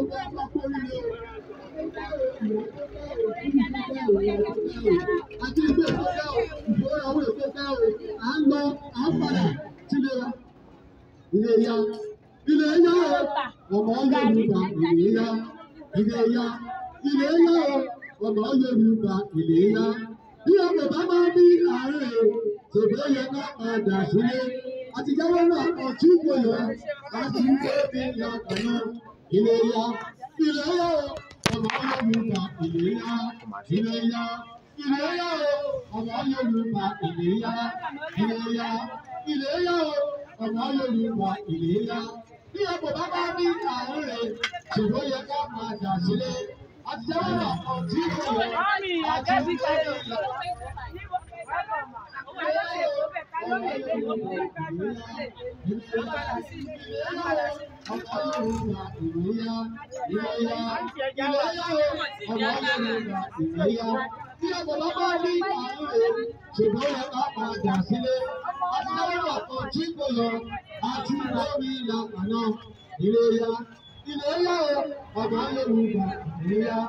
àti ìgbé ìkóká o ìgbóra owó ìkóká o à ń lọ à ń padà sílé wa ilé ya ilé ya o ọmọ Yorùbá ilé ya ilé ya ilé ya o ọmọ Yorùbá ilé ya bí ọmọ bá máa bí àárẹ̀ tòbí ó yẹ ká máa dà sílé àti jáwé náà kan tí kò yọ láti ń gbé mi ní àgbọ̀nà ìlera ìlera o ọmọ ayélujára ìlera ìlera ìlera o ọmọ ayélujára ìlera ìlera ìlera o ọmọ ayélujára ìlera bí ẹ kò bá bá ní àárín rẹ ṣùgbọ́n yẹ ká máa jà sílé àti jáwé náà kan tí kò yọ láti ń gbé mi ní àgbọ̀nà. Tí ọ̀pọ̀lọpọ̀ bá ní ìlú rẹ̀, ṣùgbọ́n ẹ bá padà sílé. Adéwà